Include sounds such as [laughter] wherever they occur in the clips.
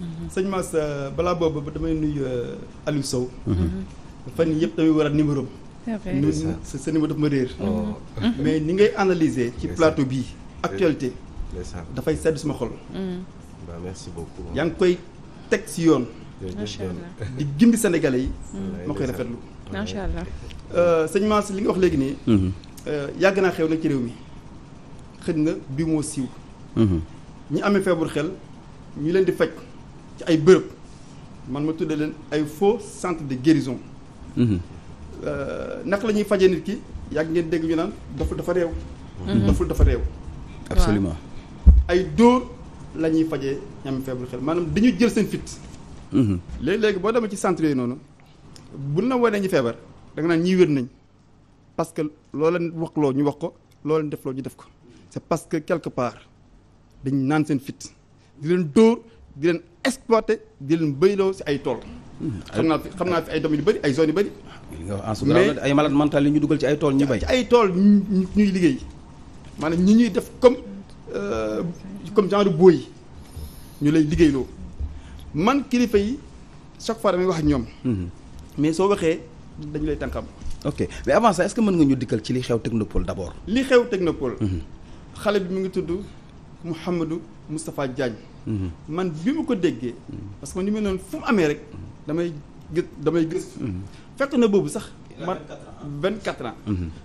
Mhm. sëñ Mass euh, balaa boobu damay nuyu euh, Aliou Sow. Mhm. Mhm. fan yii yëpp damay waral numéro am. nu sa numéro daf ma réer. Oh. mais ni ngay analyser ci plateau bii actualité. dafay sedd suma xol. waaw merci beaucoup. koy teg si yoon. di gindi Sénégalais koy rafetlu. macha allah euh, sëñ Mass li nga wax léegi nii. yàgg naa xew na ci réew mi xëj nga bii moo siiw. ñi amee feebar xel ñu leen di faj. ci ay bërëb man ma tuddee leen ay faux centre de guérison. Mhm. Euh, naka la ñuy fajee nit ki yàgg ngeen dégg ñu naan doful dafa réew. Mhm. doful dafa réew. absolument ay dóor lañuy fajee ñam feebaru xel maanaam dañuy jël seen fit. Mhm. léegi-léegi boo demee ci centre yooyu noonu bu la wanee ñu feebar da nga naan ñii wér nañ parce que loola wax loo ñu wax ko loola def loo ñu def ko c'est parce que quelque part dañ naan seen fit di leen dóor di leen. exploité di leen béyloo si ay tool. Hmm. xam naa fi xam naa fi ay domaines yu bëri ay zones yu bëri. mais ay malade mental yi ñu dugal ci ay tool ñuy bay. ci ay tool ñuy ñuy liggéey maanaam ñi ñuy def comme euh, comme genre booy ñu lay liggéeyloo man kilifa yi chaque fois muy wax ñoom. Hmm. mais soo waxee dañu lay tànkam. ok mais avant ça est-ce mën nga ñu dikkal ci li xew technopole d'abord. li xew technopole. Hmm. xale bi mu ngi tudd Mouhamadou. Moustapha Diagne. Mhm. man bi mu ko déggee. Mhm. parce que man ni mu noonu fu mu amee rek damay gë damay gëstu. Mhm. fekk na boobu sax. man 24 ans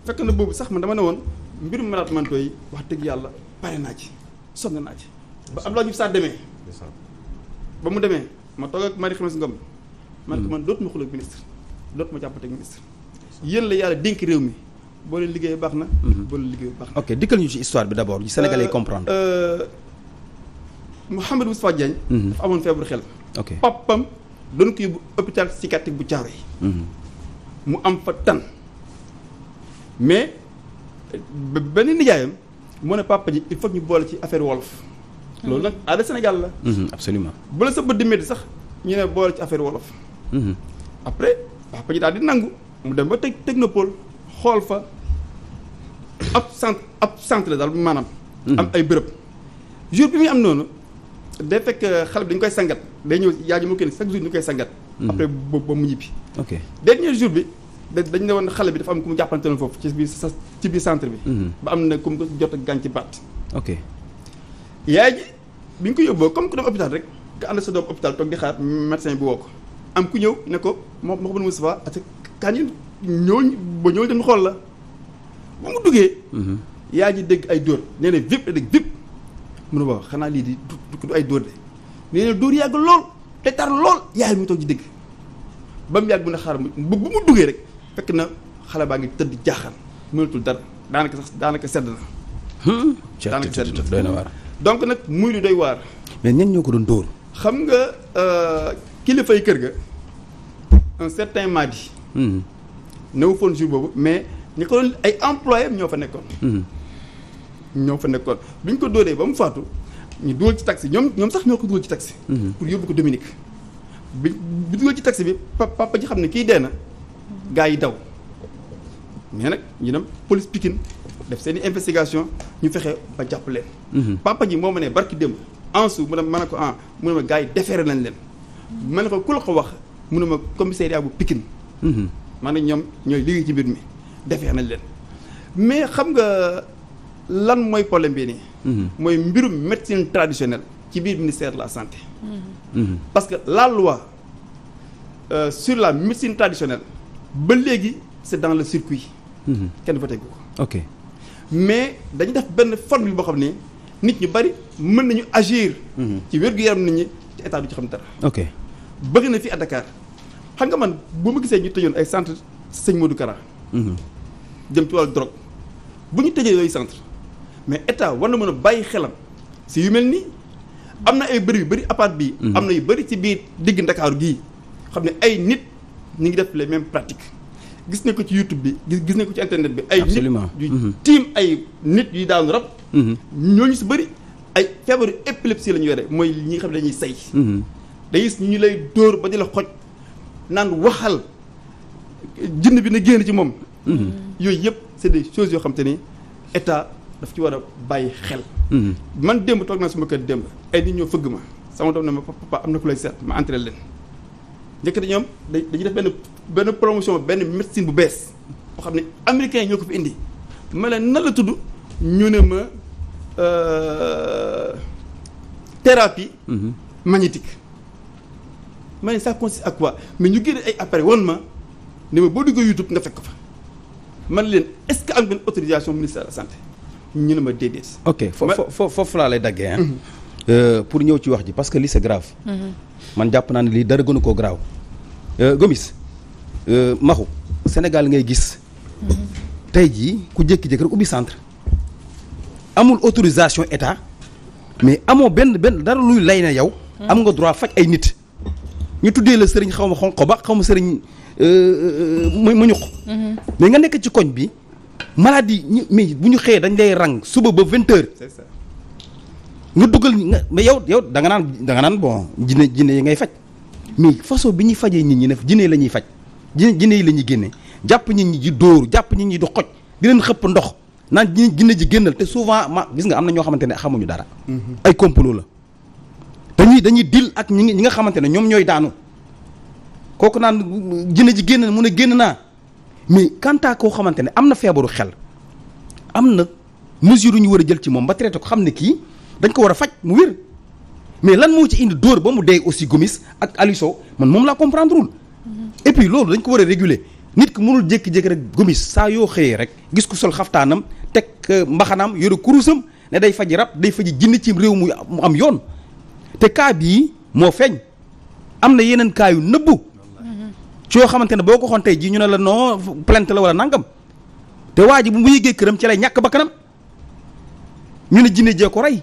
fekk na boobu sax ma dama ne woon mbirum malade man yi wax dëgg yàlla pare naa ci sonn naa ci. ba Abdoulaye Diouf Sarr demee. ba mu demee ma toog ak Marie Khemesse Ngom. man ko man dootuma xuloo ak ministre dootuma jàppanteeg ministre. yéen la yàlla dénk réew mi boo leen liggéeyee baax na. boo leen liggéeyee baax na. ok dikkal ñu ci bi d'abord. ñu Sénégalais euh, comprendre. Euh, Mouhamed Moustapha Diagne mhm. dafa amoon feebaru xel ok papam doon ko yóbbu hôpital psychiatrique bu Thiaroye mhm. mu am fa tan mais benn nijaayam moo ne papa ji il faut ñu boole ci affaire wolof mhm. loolu nag aada Sénégal la absolument bu la sa bët di métti sax ñu ne boole ci affaire wolof après papa daal di nangu mu dem ba teg teg na technopole xool fa ab centre ab centre la daal maanaam am ay bërëb jour bi muy am noonu day fekk euh, xale bi dañu koy sangat day ñëw yaa ji mu kenn chaque jour ñu koy sangat hmm. après ba mu ñibbi ok dernier jour bi dañ ne woon xale bi dafa am ku mu jàppanteeloon foofu ci biir ci biir centre bi hmm. ba am na ku mu ko jot ak gàncax baat ok yaay ji bi ñu ko yóbboo comme ku dem hôpital rek nga ànd sa doom hôpital toog di xaar médecin bi woo ko am ku ñëw ne ko moo ma ko mën Moustapha ak kaan yi ñooñu ba ñooñu dem xool la ba mu duggee hmm. yaay ji dégg ay dóor nee na vip dégg vip mun ne waaw xanaa lii di du ay dóor de nee dóor yàgg lool te tar lool yaay mu toog ci dëgg ba mu yàgg mu ne xaaral bu bu mu duggee rek fekk na xale baa ngi tëdd jaaxal mënatul dara daanaka sax daanaka sedd na. Hmm. daanaka sedd na donc nag muy lu doy waar. mais ñenn ñoo ko doon dóor. xam nga euh, kilifay kër ga un certain Madi. Hmm. néew foon jour boobu mais ñi ko doon ay employé ñoo fa nekkoon. Hmm. ñoo fa nekkoon bi ñu ko dóoree ba mu faatu ñu dugal ci taxi ñoom ñoom sax ñoo ko dugal ci taxi. Mhm. pour yóbbu ko Dominique. bi bi dugal ci taxi bi papa ji xam ne kii dee na gars yi daw mais nag ñu dem police Pikine def seen i investigation ñu fexe ba jàpp leen. Mhm. papa ji moo ma ne barki démb en su ma ne ko ah mu ne yi defeere nañ leen. ma ne ko ku la ko wax mu ne ma commissariat bu Pikine. Mhm. maanaam ñoom ñooy liggéey ci mbir mi defee nañ leen mais xam nga lan mooy problème bii nii. Mhm. mooy mbirum médecine traditionnelle ci biir ministère la santé. Mhm. Mhm. parce que la loi euh, sur la médecine traditionnelle ba léegi c' est dans le circuit. kenn voté ko. ok mais dañu def benn formule boo xam ni nit ñu bari mën nañu agir. ci wér-gu-yaram nit ñi ci état du ci xam dara. ok bëgg na fi à Dakar xam nga man bu ma gisee ñu tëjoon ay centre sëñ Modou Kara. ci wàllu drogue bu ñu tëjee yooyu centre mais état war na mën bàyyi xelam si yu mel nii am na ay bëri yu bëri appart bii. Mhm. am na yu bëri ci biir digg ndakaaru gii xam ne ay nit ñu ngi def les mêmes pratiques gis nañ ko ci YouTube bi gis gis nañ ko ci internet bi. ay nit yu mhm. tiim ay nit yu daanu rab. Mhm. ñooñu si bëri ay feebaru épilepsie la ñu yore mooy ñi nga xam ne dañuy say. day gis ñu lay dóor ba di la xoj naan waxal jinn bi na génn ci moom. yooyu yëpp c'est des choses yoo xam te ni état. daf ci war a bàyyi xel. Mhm. man démb toog naa sama kër démb ay nit ñoo fëgg ma sama doom ne ma papa am na ku lay seet ma entré leen njëkk te ñoom dañuy def benn benn promotion benn médecine bu bees boo xam ne américain ñoo ko fi indi ma leen nan la tudd ñu ne ma euh, thérapie. Mhm. magnétique. ma ne ça consiste à ñu génne ay appareil woon ma ne boo duggee YouTube nga fekk fa man leen est-ce que am ngeen autorisation ministère de la santé. ñu ne ma déedéet. ok foofu laa lay daggee mhm. euh, pour ñëw ci wax ji parce que lii c'est grave. Mhm. man jàpp naa ne lii dara gënu koo grave. Euh, Gomis euh, maxu Sénégal ngay gis. Mhm. tey jii ku jékki-jékki ubbi centre. amul autorisation état mais amoo benn benn dara luy lay na yow. am nga droit faj ay nit. ñu tuddee la sëriñ xaw ma xonqo ba xaw ma sëriñ mu ñuq mais nga nekk ci koñ bi. maladie ñu mais bu ñu xëyee dañ lay rang suba ba vingt heures. nga dugal nga mais yow yow da nga naan da nga naan bon jinne jinne yi ngay faj mais façon bi ñuy fajee nit ñi ne jinne la ñuy faj jinne jinne yi la ñuy génne jàpp nit ñi di dóor jàpp nit ñi di xoj di leen xëpp ndox naan jinne jinne ji génnal te souvent ma gis nga am na ñoo xamante ne xamuñu dara. Mm-hmm. ay complot la. dañuy dañuy dil ak ñi nga ñi nga xamante ne ñoom ñooy daanu kooku naan jinne ji génn mun a génn naa. mais quant koo xamante ne am na feebaru xel am na mesure yu ñu war a jël ci moom ba traité ko xam ne kii dañ ko war a faj mu wér mais lan moo ci indi dóor ba mu dee aussi Gomis ak aliso man moom laa comprendrewul mm-hmm. et puis loolu dañ ko war a réguler nit ki mënul jékki-jékki rek Gomis saa yoo xëyee rek gis ko sol xaftaanam teg euh, mbaxanaam yore kurusam ne day faji rab day faji jinn ci réew mu am yoon te cas bii moo feeñ am na yeneen cas yu nëbbu coo xamante ne boo ko xoon tey ji ñu ne la noo plainte la wala nangam te waa ji bu mu yëgee këram ci lay ñàkk ba kanam ñu ne jinne jee ko rey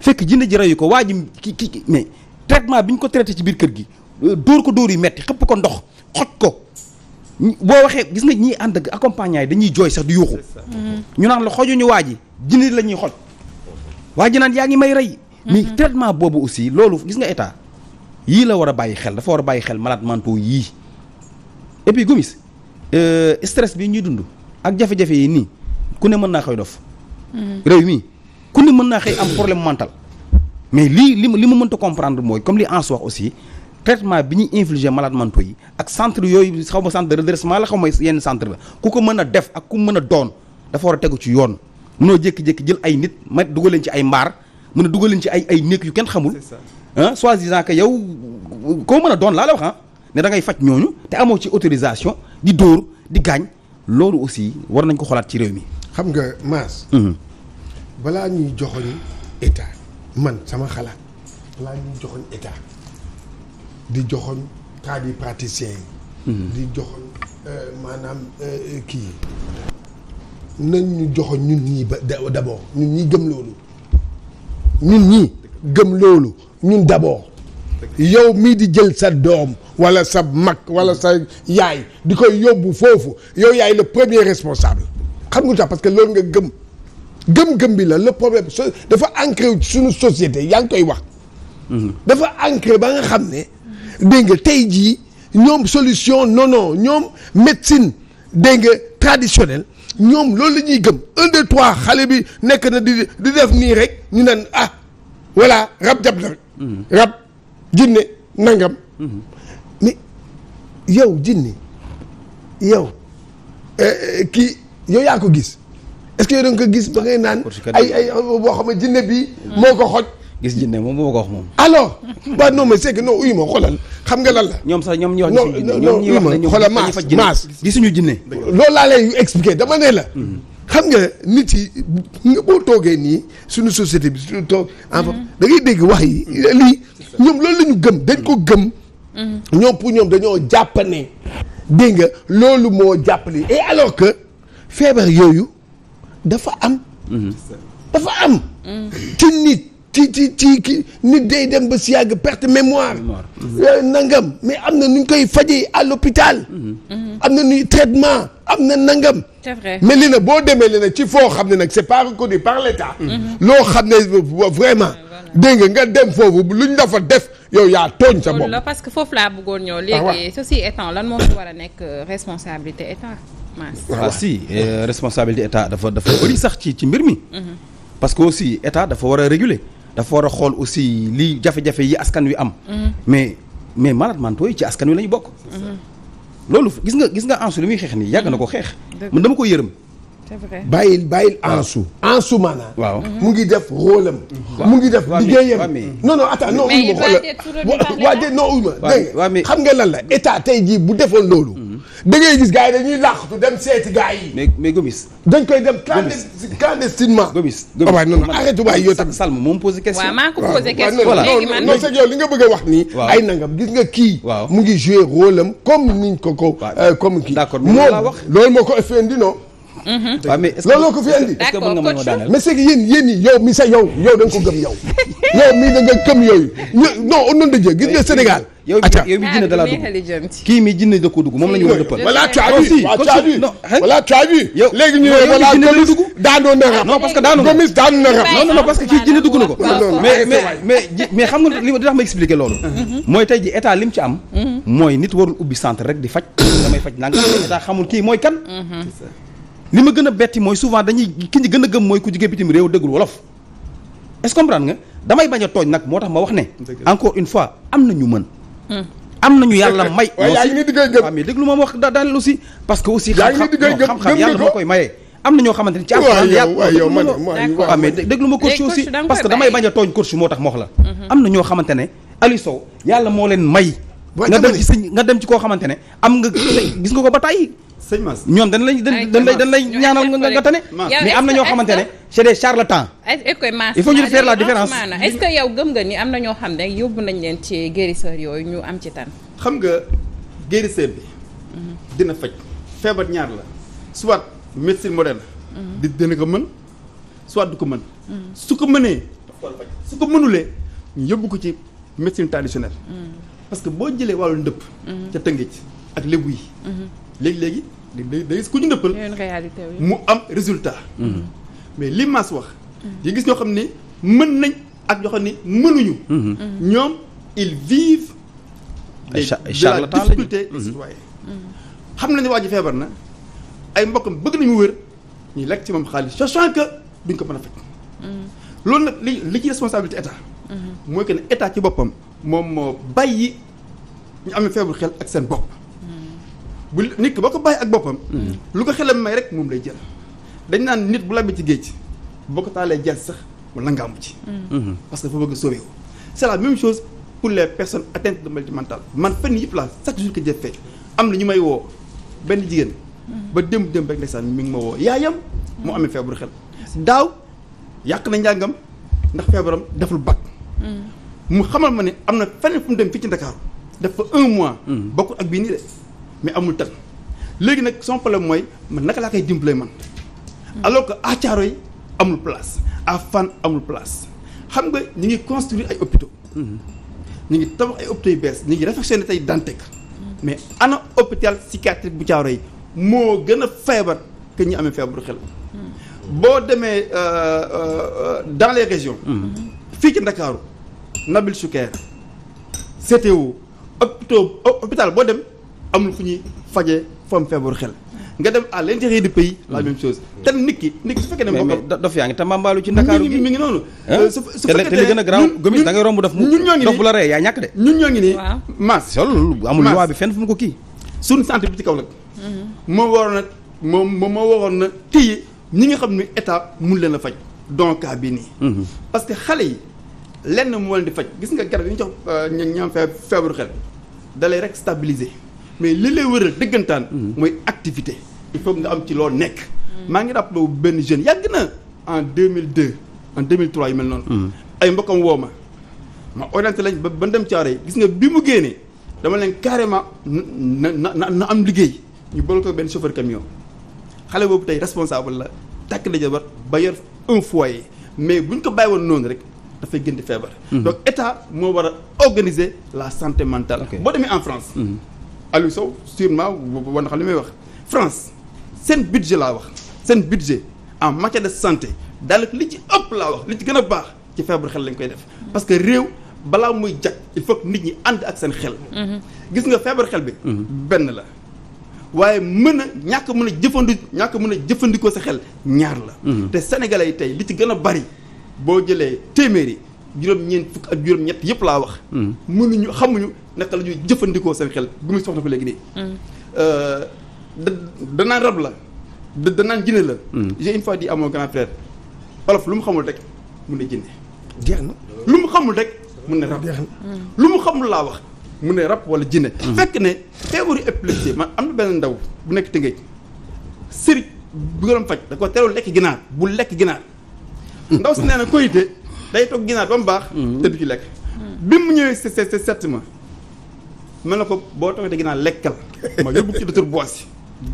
fekk jinne ji reyu ko waa ji ki ki mais traitement bi ñu ko traité ci biir kër gi euh, dóor ko dóor yi metti xëpp ko ndox xoj ko boo waxee gis nga ñi ànd ak accompagnant yi dañuy jooy sax du yuuxu mm-hmm. ñu naan la xojuñu waa ji jinne la ñuy xoj waa ji naan yaa ngi may rey mais mm-hmm. traitement boobu aussi loolu gis nga état yii la war a bàyyi xel dafa war a bàyyi xel malades mentaux yii et puis euh, stress bi ñuy dund ak jafe-jafe yi nii ku ne mën naa xëy dof mm-hmm. réew mii ku ne mën naa xëy am problème mental mais lii li li ma mënta comprendre mooy comme li Anse wax aussi traitement bi ñuy infliger malades mentaux yi ak centre yooyu xaw ma centre de redressement la xaw ma yenn centre la ku ko mën a def ak ku mën a doon dafa war a tegu ci yoon munoo jékki-jékki jël ay nit ma dugal leen ci ay mbaar mun a dugal leen ci ay ay néeg yu kenn xamul ah soi-disant yow koo mën a doon laa la wax ne dangay faj ñooñu te amoo ci autorisation di dóor di gaañ loolu aussi war nañ ko xolaat ci réew mi. xam nga Mass. Mhm. balaa ñuy joxoñ état man sama xalaat balaa ñuy joxoñ état di joxoñ tradipraticiens yi. Mhm. di joxoñ euh, maanaam euh, kii yi nañ ñu joxoñ ñun ñii ba d'abord ñun ñii gëm loolu ñun ñii. gëm loolu ñun d'abord yow mii di jël sa doom wala sa mag wala sa yaay di koy yóbbu foofu yow yaay le premier responsable xam nga sax parce que loolu nga gëm gëm-gëm bi la le problème so dafa ancré suñu société yaa ngi koy wax mhm. dafa ancré ba nga xam ne dégg nga tey jii ñoom solution nono ñoom médecine dégg nga traditionnelle ñoom loolu lañuy gëm un deux trois xale bi nekk na di di def nii rek ñu naan ah voilà rab jab la rek rab jinne nangam mais mm-hmm. yow jinne yow eh, eh, kii yow yaa ko gis est yow danga naan ay ay boo xam ne jinne bii mm-hmm. moo ko xoj gis jinne moom moo ko wax moom alors ba non mais c'est que non uy xam nga lan la ñoom sax ñoom ñi wax non non uy ma xoolal maas maas gisuñu jinne loolu laa lay expliquer dama ne la mm-hmm. xam nga nit yi nga boo toogee nii suñu société bi suñu toog en fait mm-hmm. dégg wax yi lii ñoom loolu lañu ñu gëm dañ ko gëm mm-hmm. ñoom ñoom dañoo jàpp ne dégg nga loolu moo jàppale et alors que feebar yooyu dafa am mm-hmm. dafa am ci nit ci ci ci ki nit day dem ba si yàgg perte mémoire euh, nangam mais am na nuñ koy fajee à l'hôpital mm-hmm. am na nuy traitement am na nangam c'est vrai mais li boo demee li na ci foo xam ne nag c'est pas reconnu par l'État mm-hmm. loo xam ne vraiment dégg nga nga dem foofu luñ dafa def yow yaa tooñ sa bopp parce que foofu laa bëggoon ñëw ah, léegi ceci étant lan moo war a nekk euh, responsabilité état waaw si euh, responsabilité état dafa dafa bëri sax ci ci mbir mi mm-hmm. parce que aussi état dafa war a réguler dafa war a xool aussi lii jafe-jafe yi askan wi am. Mhm. mais mais malades mentaux yi ci askan wi la bokk. Mhm. loolu gis nga gis nga Ansu li muy xeex nii yàgg na ko xeex. man dama koy yërëm. c'est vrai bàyyil bàyyil Ansu. Ansu maanaam. waaw mhm. mu ngi def rôle mu ngi def liggéeyam non non attends non. mais il va non uy ma xam nga lan la état tey jii bu defoon loolu. da ngay gis gars dañuy làqatu dem seeti gars yi. mais mais dañ koy dem clandestinement. Gomis Gomis ah, waaw non non arrête waay yow tamit. moom posé question. waaw li nga bëgg a wax nii. ay nangam gis nga kii. waaw mu ngi joué rôle am comme niñ ko ko. Euh, comme kii moom loolu moo ko effendi non. Mhm. waaw mais est-ce ko fi ma d'accord coach mais c'est que yéen yéen yi yow mi sa yow yow da nga ko gëm yow. [laughs] yow mi da nga gëm yooyu non on non de Dieu gis nga Sénégal. yow mi jinne da laa dugg ah, kii mi jinne da ko dugg moom la ñu war a dëppal voilà tu as vu voilà tu as vu léegi ñu ne voilà Gomis daanoon na rab non parce que daanu Gomis daanu na rab non non parce que kii jinne dugg na ko mais mais mais mais xam nga li ma tax ma expliquer loolu mooy tey ji état lim ci am mooy nit warul ubbi centre rek di faj damay faj nanga état xamul kii mooy kan li ma gën a betti mooy souvent dañuy ki ñu gën a gëm mooy ku jóge bitim réew déggul wolof est-ce que comprendre nga damay bañ a tooñ nag moo tax ma wax ne encore une fois am na ñu mën am nañu yàlla may. waaw yaa ngi ni di koy ah, ma wax daaneel aussi. parce que aussi xam-xam xam-xam yàlla moo koy maye. am na ñoo xamante ni ci alxuraan yàgg waaw ah, mais déglu ma coach aussi parce que damay bañ a tooñ coach moo tax moox la mhm. am na ñoo xamante ne yàlla moo leen may nga dem ci sëñ nga dem ci koo xamante ne am nga gis nga ko ba tàyyi sëñ Mass ñoom dañ lay dañ lay dañ lay ñaanal nga tane mais am na ñoo xamante ne c'est des charlatans ah, il faut ñu faire la différence est-ce que gëm nga ni am na ñoo xam ne yóbbu nañ leen ci guérisseur yooyu ñu am ci tan xam nga guérisseur bi dina faj feebar ñaar la soit médecine moderne di dina ko mën soit du ko mën su ko mënee su ko mënulee ñu yóbbu ko ci médecine traditionnelle mm. parce que boo jëlee wàllu ndëpp ca Tëngéej ak lébu yi mm-hmm. léegi léegi léegi da gis ku ñu ndëppal mu am résultat mm-hmm. mais li Mass wax yi mm-hmm. gis ñoo xam ne mën nañ ak ñoo xam ne mënuñu mm-hmm. ñoom ils vivent des de la difficulté des citoyens xam nañu waa ji feebar na ay mbokkam bëgg nañu wér ñuy lekk ci moom xaalis sachant que duñ ko mën a fekk loolu nag li li ci responsabilité état mooy que ne état ci boppam moom moo bàyyi ñu amee feebar xel ak seen bopp bu nit ki boo ko bàyyi ak boppam. Hmm. lu ko xelam may rek moom lay jël. dañ naan nit bu labbee ci géej boo ko taalee jël sax mu langaamu ci. Hmm. Hmm. parce que dafa bëgg a sauver wu. la même chose pour les personnes atteintes de maladie mentale man fenn yëpp laa chaque jour que jëfee am na ñu may woo benn jigéen. ba démb démb rek ndeysaan mi ngi ma woo yaayam. mu amee feebaru xel. daaw yàq na njàngam ndax feebaram deful bac. mu xamal ma ne am na fenn fu dem fii ci Ndakaaru def fa mois. bokkul mais amul tan léegi nag son mooy man naka laa koy dimbalee man alors que à Thiaroye amul place à fan amul place xam nga ñu ngi construire ay hôpitaux ñu ngi tabax ay hôpitaux yu bees ñu ngi réfectionné tey Dantec mais ana hôpital psychiatrique bu Thiaroye moo gën a feebar que ñi amee feebaru xel boo demee euh, euh, dans les régions fii ci Ndakaaru Nabil Choucair CTO hôpitaux hôpital boo dem amul fu ñuy fajee fam feebaru xel nga dem à l'intérieur du pays la hmm. même chose tam nit ki nit ki su fekkee ne mais dof yaa ngi tambambaalu ci ndakaaru gi mi ngi noonu euh, su fekkee li gën a garaaw gomis da ngay romb dof mu ñun ñoo ngi dof bu la ree yaa ñàkk de ñun ñoo ngi nii maas sol amul loi bi fenn fu mu ko kii suñu santé bi ci kaw nag mm-hmm. moo waroon na moom moom moo waroon na téye ñi nga xam ne état mun leen a faj donc cas bii nii mm-hmm. parce que xale yi lenn moo leen di faj gis nga garab yi ñu jox euh, ñam feebaru xel dalay rek stabiliser mais li lay wëral dëggantaan. mooy activité. il faut nga am ci loo nekk. maa ngi rappelé benn jeune yàgg na en mille 2002 en 2003 yu mel noonu. Mm. ay mbokkam woo ma ma orienté lañ ba ba dem caare gis nga bi mu génnee dama leen carrément na na na am liggéey ñu boole ko benn chauffeur camion xale boobu tey responsable la takk na jabar ba yor un mais bu ñu ko bàyyi woon noonu rek dafay gën di feebar. Mm. donc état moo war a organiser la santé boo demee en France. Mm. Aliou Sow sûrement war li may wax France seen budget laa wax seen budget en matière de santé daanaka li ci ëpp laa wax li ci gën a baax ci feebar xel lañ koy def parce que réew balaa muy jag il faut nit ñi ànd ak seen xel gis nga feebar xel bi benn la waaye mën a ñàkk mën a jëfandi ñàkk mën a jëfandikoo sa xel ñaar la te sénégalais yi tey li ci gën a bari boo jëlee téeméeri juróom-ñeent fukk ak juróom-ñett yëpp laa wax hmm. mënuñu xamuñu naka la ñuy jëfandikoo seen xel bu muy soxna ko léegi nii. Euh, da danaan rab la da danaan jinne la. Hmm. fois dit à mon grand lu mu xamul rek mun na jinne. jeex lu mu xamul rek mun na rab. Hmm. lu mu xamul laa wax mu ne rab wala jinne. Hmm. fekk ne feebaru épilepsie man am na benn ndaw bu nekk Tëngéej sëriñ bu gën a faj da ko terewul lekk ginaar bu lekk ginaar. ndaw si nee na koyite day toog ginaar ba mu baax. tëdd ci lekk. bi mu ñëwee c'est c'est mën na ko boo tomatee ginnaaw lekkal ma yóbbu ko ci docteur Boissy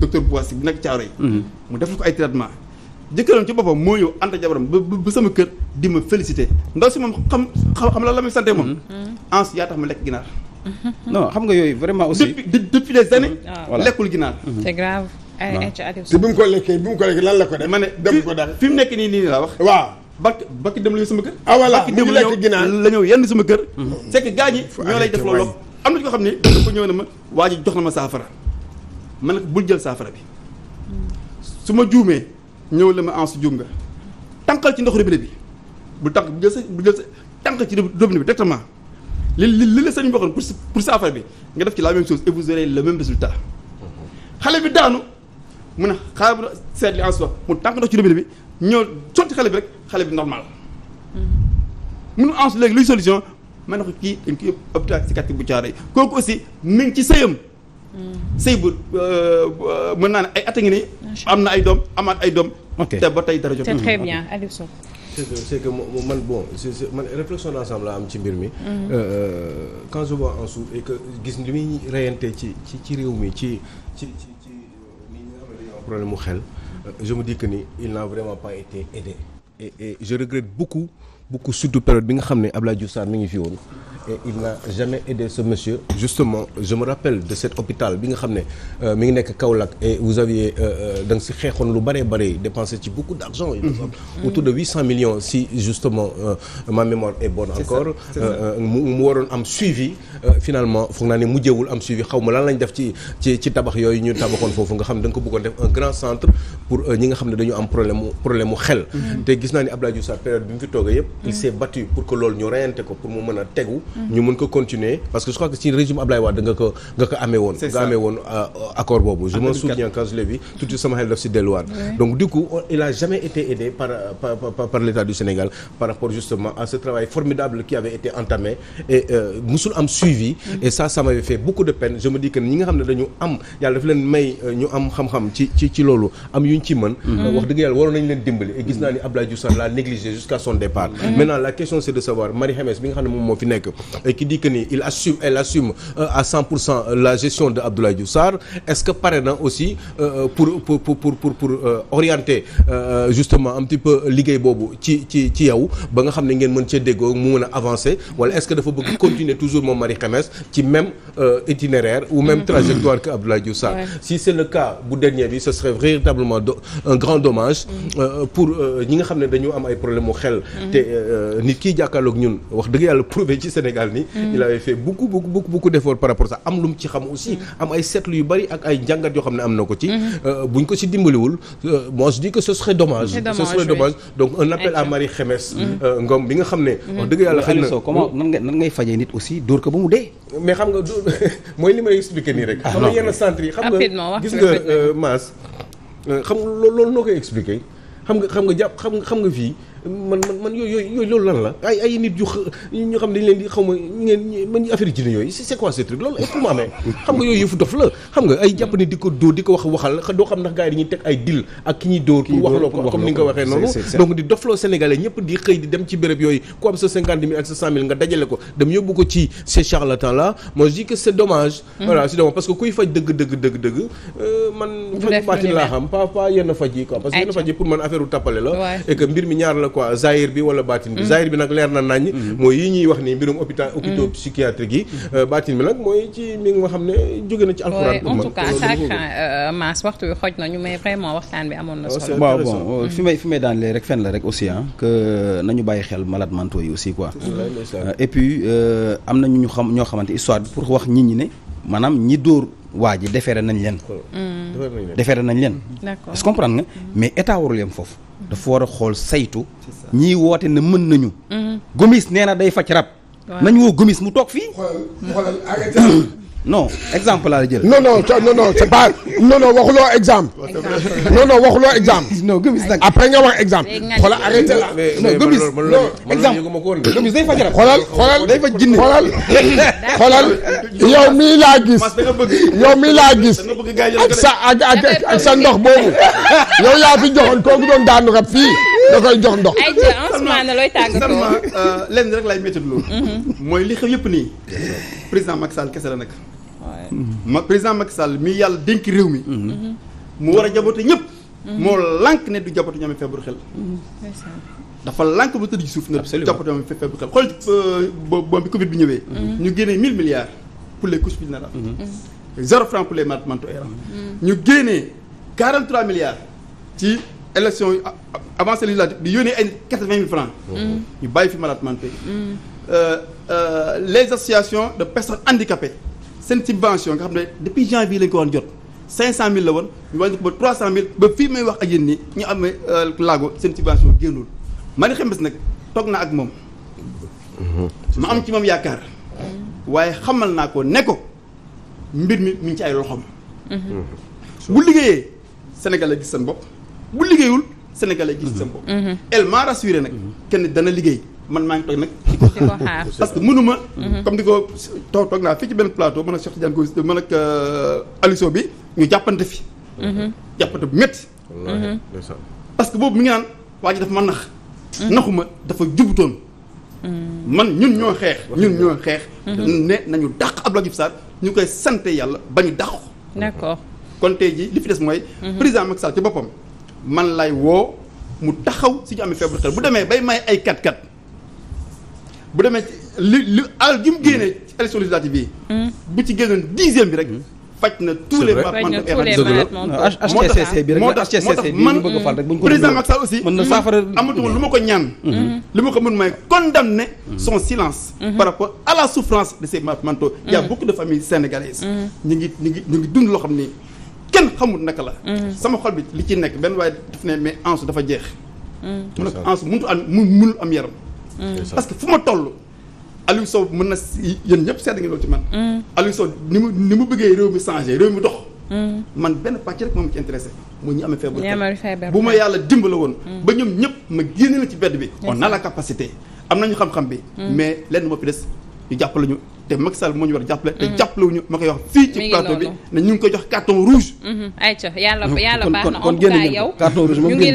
docteur Boissy bu nekk caaro yi mhm. mu def ko ay traitement jëkkëram ci boppam moo ñëw ànd ak jabaram ba ba sama kër di ma félicité ndaw si moom xam xam la la muy santé moom mhm. ans yaa tax ma lekk ginaar [laughs] non xam nga yooyu vraiment aussi depuis des années mhm. ah. lekkul ginaar c'est grave te bi mu ko lekkee bi mu ko lekkee lan la ko def ma ne dem ko dal fi mu nekk nii nii laa wax waaw bakk bakki dem la ñëw sama kër ah voilà la ñëw la sama kër c'est que gars ñi ñoo am na ci ko xam ne dafa ñëw ne ma waa ji jox na ma saafara man nag bul jël saafara bi su ma juumee ñëw la ma ans juum nga tànqal ci ndox robinet bi bu tànq bu jël sa bu jël sa tànqal ci robinet bi directement li li li la sëñ waxoon pour pour saafara bi nga def ci la même chose et vous aurez le même résultat xale bi daanu mun ne xaaral bu seet li ans wax mu tànq ndox ci robinet bi ñëw sotti xale bi rek xale bi normal mënu mm-hmm. ans léegi luy solution ma ne ko kii ko yóbbu hôpital Sicap bu Thiaroye kooku aussi mi ngi ci sëyam hmm. sëy euh, a ngi ne am na ay doom amaat ay doom te ba tey dara jot c'est très man bon c'est man réflexion d'ensemble la am ci mbir mi hmm. euh, euh, quand je vois en ci ci ci ci ci ci ci ni ñu am problème mu xel je me dis ni il n'a vraiment pas été aidé et je regrette beaucoup beaucoup surtout période bi nga xam ne Abdoulaye Diouf Sarr mi ngi fi woon et il n'a jamais aidé ce monsieur justement je me rappelle de cet hôpital bi nga xam ne euh, mi ngi nekk Kaolack et vous aviez euh, euh, da si xeexoon lu bëree bëri dépensé ci beaucoup d' argent il me semble mm-hmm. autour de huit cent millions si justement ma mémoire est bonne encore mu waroon am suivi Euh, finalement foog naa ne mujjewul am suivi xaw ma lan lañ def ci tabax yooyu ñu tabaxoon foofu nga xam da nga ko bëggoon def un grand centre pour euh, ñi nga xam ne dañu am problème problème xel mhm. te gis naa ni Abdoulaye Diouf Sarr période bi mu fi toogee yëpp il mhm. s'est battu pour que loolu ñu reyante ko pour mu mën a tegu mhm. ñu mën ko continuer parce que je crois que régime Abdoulaye Wade nga ko ko amee woon nga amee woon euh, accord boobu je m'en souviens quand je tout de suite a jamais été aidé par par par, par l'État du Sénégal par rapport justement à ce travail formidable suivi et ça ça m'avait fait beaucoup de peine je me dis que ñi nga xam ne dañu am yàlla daf leen may euh, ñu am xam-xam ci ci loolu am yuñ ci mën mhm. wax dëgg yàlla waroon nañ leen dimbali gis naa ni mhm. Abdoulaye Diouf Sarr l'a négligé son départ mhm. maintenant la question c'est de savoir Marie Khemesse bi nga xam ne moom moo fi nekk qui dit que ni il assume elle assume euh, à la gestion de Abdoulaye Diouf est-ce que pare na aussi euh, pour pour orienter justement un petit peu liggéey boobu a xemes ci même euh, itinéraire ou même trajectoire que Abdoulaye Diouf Sarr si c'est le cas bu dernier bi ce serait véritablement un grand dommage mm. euh, pour euh, ñi nga xam ne dañu am ay problème mu xel mm. te nit kiy jàkkaarloog ñun wax dëgg yàlla prouvé ci Sénégal ni mm. il avait fait beaucoup beaucoup beaucoup beaucoup d'efforts par rapport ça am lu ci xam aussi am ay seetlu yu bari ak ay njàngat yoo xam ne am na ko ci buñ ko ci dimbaliwul moi je dis que ce serait dommage ce serait dommage donc un appel de mais xam nga du [laughs] mooy li may expliquer nii rek. Ah, xam nga yenn centre yi xam nga gis nga euh, maas euh, xam nga loolu noo koy expliquer xam nga xam nga jàpp xam nga xam nga fii. man man man yooyu loolu lan la ay ay nit ñu xam dañu leen di xaw ma ngeen man affaire jinne yooyu c'est quoi ce truc loolu est-ce que mu amee xam nga yooyu yëfu dof la xam nga ay jàpp ne di ko dóor di ko wax waxal doo xam ndax gars yi dañuy teg ay dil ak ki ñuy dóor pour waxloo ko ni nga waxee noonu donc di dofloo sénégalais ñëpp di xëy di dem ci béréb yooyu ku am sa cinquante mille ak sa cent mille nga dajale ko dem yóbbu ko ci quoi zahir bi wala baatin bi mm. zahir bi nag leer na nañ mm-hmm. mooy yi ñuy wax nii mbirum hôpital mm-hmm. hôpitaux psychiatrique yi mm-hmm. euh, baatin bi nag mooy ci mi nga xam ne jóge na ci alxuraan en tout cas euh, chaque euh, maas waxtu wi xoj nañu mais vraiment bi amoon na oh, solo waaw bon fi may fi may daan lee rek fenn la rek aussi ah que nañu bàyyi xel malade mentaux yi aussi quoi et puis am na ñu ñu xam ñoo xamante histoire bi pour wax nit ñi ne maanaam ñi dóor waa ji defere nañ leen mm. mm. defere nañ leen est-ce nga mais état waru yem foofu dafa war a xool saytu. ñiy woote ne mën nañu. Mhm. gomis nee na day faj rab. nañ woo gumis mu toog fii. non exemple laa la jël. non non non non c'est pas non non waxuloo exemple. non non waxuloo exemple. après nga wax exemple. xoolal arrêté mii laa gis yow mii laa gis ak sa ak ak sa ndox boobu yow yaa fi joxoon doon daanu rab fii. da koy jox ndox. ay euh, rek lay métti mm-hmm. mooy li xew yëpp nii. président Macky Sall kese la nag. ma président Macky Sall mi yàlla dénk réew mi. Mm-hmm. mu war a ñëpp. Mm-hmm. moo lànk ne du jaboote ñoom feebaru xel. dafa lànk ba tëdd ci suuf na jaboote ñoom feebaru xel xool euh, boobu bi Covid bi ñëwee. ñu génnee 1000 milliards pour les couches vulnérables. zéro franc pour les malades ñu génnee 43 milliards ci élection avancé législative di yónnee ay quatre-vingt mille francs mm-hmm. ñu bàyyi fi malade menté mm-hmm. euh, euh, les associations de personnes handicapées seen subvention nga xam ne depuis janvier lañ ko war jot cinq cent mille la woon ñu wàññi ko ba trois cent mille ba fii may wax ak yéen nii ñu amee euh, laago seen subvention génnul Marie Khemesse nag toog naa ak moom mm-hmm. ma am ci moom yaakaar waaye xamal naa ko ne ko mbir mi mu ngi ci ay loxoom bu liggéeyee Sénégal la gis seen bopp bu liggéeyul sénégalais gis seen bopp. Mhm. elle m'a rassuré nag. Mhm. kenn dana liggéey man maa ngi toog nag. di ko xaar parce que mënu ma. Mhm. comme di ko toog toog naa fii ci benn plateau man ak Cheikh Tidiane Gomis man ak euh, Aliou bi ñu jàppante fi. jàppante bu metti parce que boobu mi ngi naan waa ji daf ma nax. naxuma dafa jubutoon. man ñun ñoo xeex. ñun ñoo xeex. ne nañu dàq Abdoulaye Diouf Sarr ñu koy sante yàlla ba ñu dàq. d'accord kon jii li fi des mooy. président Macky Sall ci boppam. man lay woo mu taxaw si ñu amee feebaru xel bu demee bay may ay kat kat bu demee li li alal ji mu génnee ci élection législative yi. Mm. bu ci génnoon dixième bi rek. faj na tous les malades moo tax moo tax man président Macky Sall aussi. mën na saafara mm. amatuma lu ma ko ñaan. Mm-hmm. li ma ko mën mooy condamner mm-hmm. son silence. Mm-hmm. par rapport à la souffrance de ces malades mentaux. il y a beaucoup de familles sénégalaises. ñu ngi ñu ngi ñu ngi dund loo xam ni. kenn xamul naka la. Mm. sama xol bi li ci nekk benn waaye daf ne mais Ansu dafa jeex. Mm. mu ne ko Ansu mënut am mënul am yaram. Mm. parce que fu ma toll. Sow mën na yéen ñëpp seetlu ngeen loolu ci man. Aliou ni mu ni mu bëggee réew mi changé réew mi dox. man benn pàcc rek moom ci intéressé mooy ñi amee feebar bu ma yàlla dimbala woon ba ñoom ñëpp ma génne la ci bedd bi on a la capacité am nañu xam-xam bi mais lenn moo des ñu jàppale ñu te Macky Sall moo ñu war a jàppale. te mhm. jàppalewu ñu ma koy wax fii ci plateau bi ne ñu ngi koy jox carton rouge. Mhm. ayca yàlla mhm. yàlla baax na en tout yow ñu ngi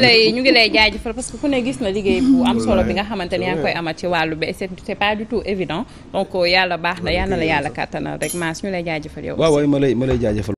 lay ñu parce que ku ne gis na liggéey bu am solo bi nga xamante ne yaa koy amal ci wàllu bi c'est pas du tout évident donc yàlla baax na yàlla kàttanal rek maas ñu lay jaajëfal yow. ma lay ma lay jaajëfal.